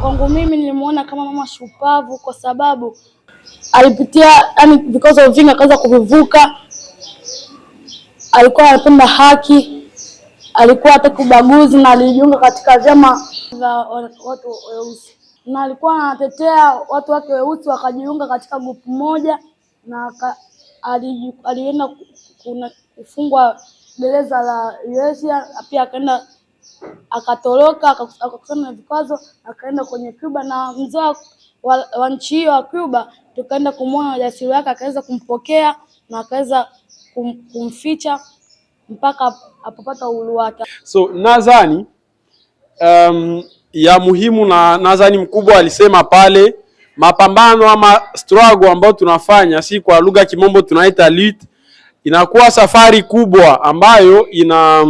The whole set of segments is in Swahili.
kwangu mimi nilimuona kama mama shupavu kwa sababu alipitia yani vikwazo vingi akaweza kuvivuka. Alikuwa anapenda haki, alikuwa hataki ubaguzi na alijiunga katika vyama vya watu weusi na alikuwa anatetea watu wake weusi, wakajiunga katika grupu moja na alienda kufungwa gereza la Yesia pia akaenda akatoroka akakutana na vikwazo, akaenda kwenye Cuba na mzee wa, wa nchi hiyo wa Cuba, tukaenda kumwona wajasiri wake, akaweza kumpokea na akaweza kum, kumficha mpaka apopata uhuru wake. So nadhani um, ya muhimu na nadhani mkubwa alisema pale mapambano ama struggle ambayo tunafanya, si kwa lugha kimombo tunaita lit, inakuwa safari kubwa ambayo ina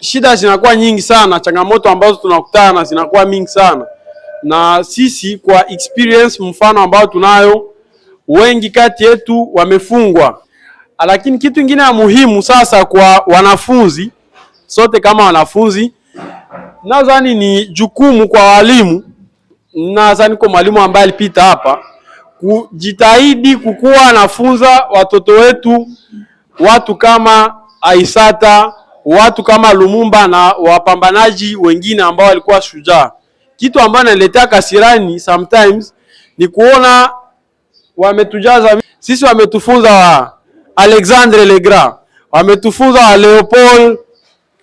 Shida zinakuwa nyingi sana, changamoto ambazo tunakutana zinakuwa mingi sana, na sisi kwa experience, mfano ambao tunayo, wengi kati yetu wamefungwa. Lakini kitu kingine ya muhimu sasa kwa wanafunzi, sote kama wanafunzi, nadhani ni jukumu kwa walimu, nadhani kwa mwalimu ambaye alipita hapa, kujitahidi kukuwa anafunza watoto wetu watu kama Aisata watu kama Lumumba na wapambanaji wengine ambao walikuwa shujaa. Kitu ambayo naletea kasirani sometimes ni kuona wametujaza sisi, wametufunza wa Alexandre Le Grand, wametufunza wa Leopold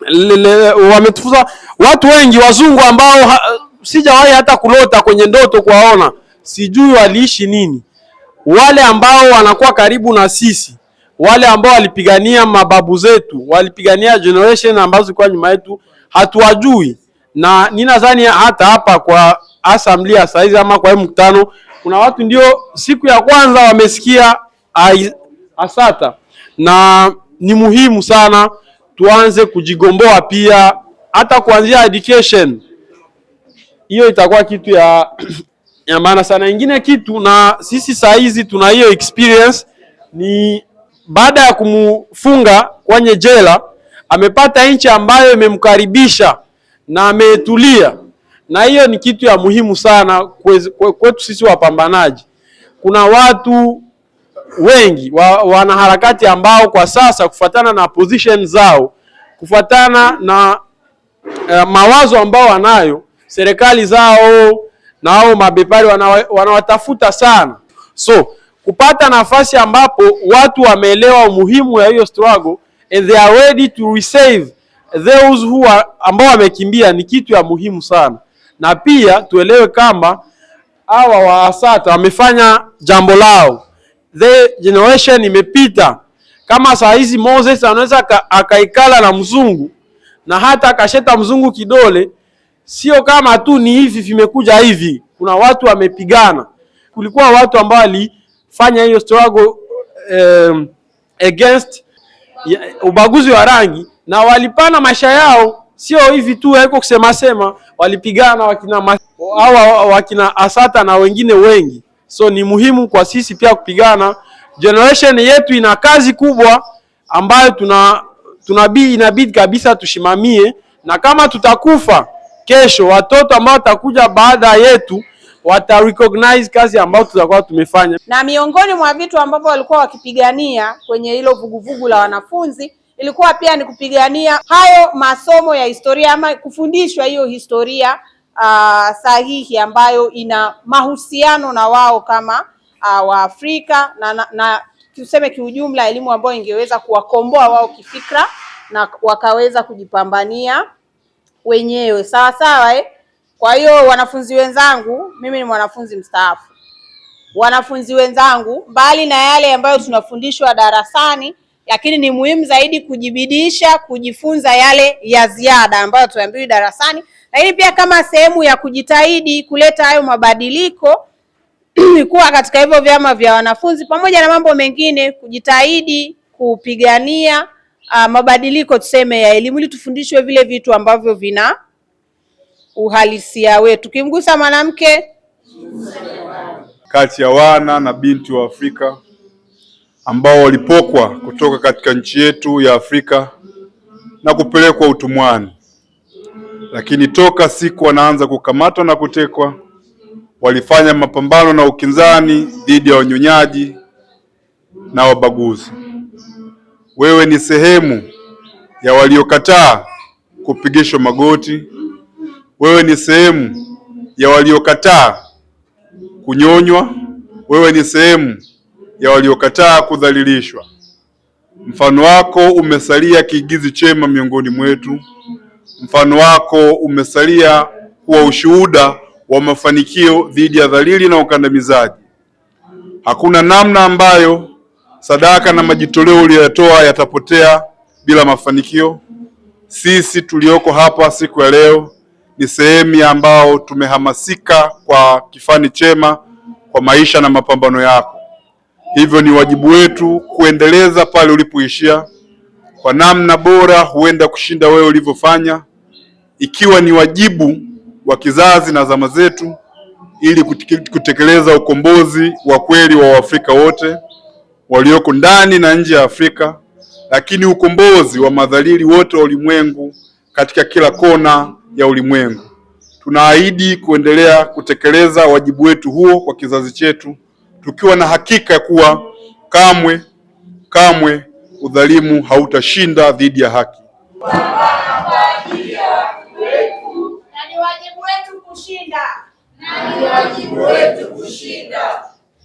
le, le, wametufunza watu wengi wazungu ambao ha, sijawahi hata kulota kwenye ndoto kuwaona, sijui waliishi nini. Wale ambao wanakuwa karibu na sisi wale ambao walipigania mababu zetu, walipigania generation ambazo zilikuwa nyuma yetu, hatuwajui. Na ninadhani hata hapa kwa ya saizi ama kwa mkutano, kuna watu ndio siku ya kwanza wamesikia Asata, na ni muhimu sana tuanze kujigomboa pia, hata kuanzia education. Hiyo itakuwa kitu ya ya maana sana. Ingine kitu na sisi saizi tuna hiyo experience ni baada ya kumfunga kwenye jela amepata nchi ambayo imemkaribisha na ametulia, na hiyo ni kitu ya muhimu sana kwetu sisi wapambanaji. Kuna watu wengi wa, wanaharakati ambao kwa sasa kufuatana na position zao, kufuatana na eh, mawazo ambao wanayo serikali zao na hao mabepari wanawatafuta sana so kupata nafasi ambapo watu wameelewa umuhimu ya hiyo struggle and they are ready to receive those who are, ambao wamekimbia ni kitu ya muhimu sana, na pia tuelewe kama hawa Asata wamefanya jambo lao, the generation imepita. Kama saa hizi Moses anaweza akaikala na mzungu na hata akasheta mzungu kidole, sio kama tu ni hivi vimekuja hivi. Kuna watu wamepigana, kulikuwa watu ambao wali fanya hiyo struggle um, against ubaguzi wa rangi na walipana maisha yao, sio hivi tu, haiko kusema sema, walipigana wakina hawa wakina Asata na wengine wengi. So ni muhimu kwa sisi pia kupigana. Generation yetu ina kazi kubwa ambayo tuna tunabii inabidi kabisa tushimamie, na kama tutakufa kesho, watoto ambao watakuja baada yetu wata recognize kazi ambayo tutakuwa tumefanya. Na miongoni mwa vitu ambavyo walikuwa wakipigania kwenye hilo vuguvugu la wanafunzi ilikuwa pia ni kupigania hayo masomo ya historia ama kufundishwa hiyo historia uh, sahihi ambayo ina mahusiano na wao kama uh, Waafrika na, na, na tuseme kiujumla elimu ambayo ingeweza kuwakomboa wao kifikra na wakaweza kujipambania wenyewe sawa sawa eh? Kwa hiyo wanafunzi wenzangu, mimi ni mwanafunzi mstaafu. Wanafunzi wenzangu, mbali na yale ambayo tunafundishwa darasani, lakini ni muhimu zaidi kujibidisha kujifunza yale ya ziada ambayo tuambiwi darasani, lakini pia kama sehemu ya kujitahidi kuleta hayo mabadiliko kuwa katika hivyo vyama vya wanafunzi, pamoja na mambo mengine, kujitahidi kupigania uh, mabadiliko tuseme ya elimu, ili tufundishwe vile vitu ambavyo vina uhalisia wetu. Kimgusa mwanamke kati ya wana na binti wa Afrika ambao walipokwa kutoka katika nchi yetu ya Afrika na kupelekwa utumwani, lakini toka siku wanaanza kukamatwa na kutekwa, walifanya mapambano na ukinzani dhidi ya wanyonyaji na wabaguzi. Wewe ni sehemu ya waliokataa kupigishwa magoti wewe ni sehemu ya waliokataa kunyonywa, wewe ni sehemu ya waliokataa kudhalilishwa. Mfano wako umesalia kiigizi chema miongoni mwetu. Mfano wako umesalia kuwa ushuhuda wa mafanikio dhidi ya dhalili na ukandamizaji. Hakuna namna ambayo sadaka na majitoleo uliyoyatoa yatapotea bila mafanikio. Sisi tulioko hapa siku ya leo ni sehemu ambao tumehamasika kwa kifani chema kwa maisha na mapambano yako. Hivyo ni wajibu wetu kuendeleza pale ulipoishia kwa namna bora, huenda kushinda wewe ulivyofanya, ikiwa ni wajibu wa kizazi na zama zetu, ili kutekeleza ukombozi wa kweli wa Waafrika wote walioko ndani na nje ya Afrika, lakini ukombozi wa madhalili wote wa ulimwengu katika kila kona ya ulimwengu. Tunaahidi kuendelea kutekeleza wajibu wetu huo kwa kizazi chetu, tukiwa na hakika ya kuwa kamwe kamwe udhalimu hautashinda dhidi ya haki.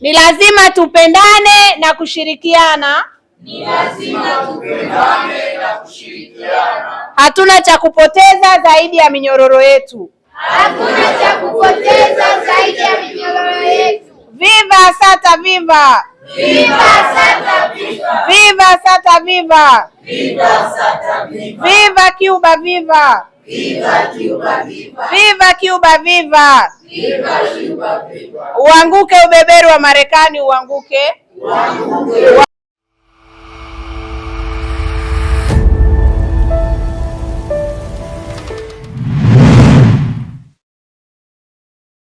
Ni lazima tupendane na kushirikiana ni lazima tupendane na kushirikiana. Hatuna cha kupoteza zaidi ya minyororo yetu. Hatuna cha kupoteza zaidi ya minyororo yetu. Viva Sata viva! Viva Sata viva! Viva Sata viva! Viva Sata viva! Viva Cuba viva! Viva Cuba viva! Viva Cuba viva! Viva Cuba viva! Uanguke ubeberu wa Marekani, uanguke. Uanguke.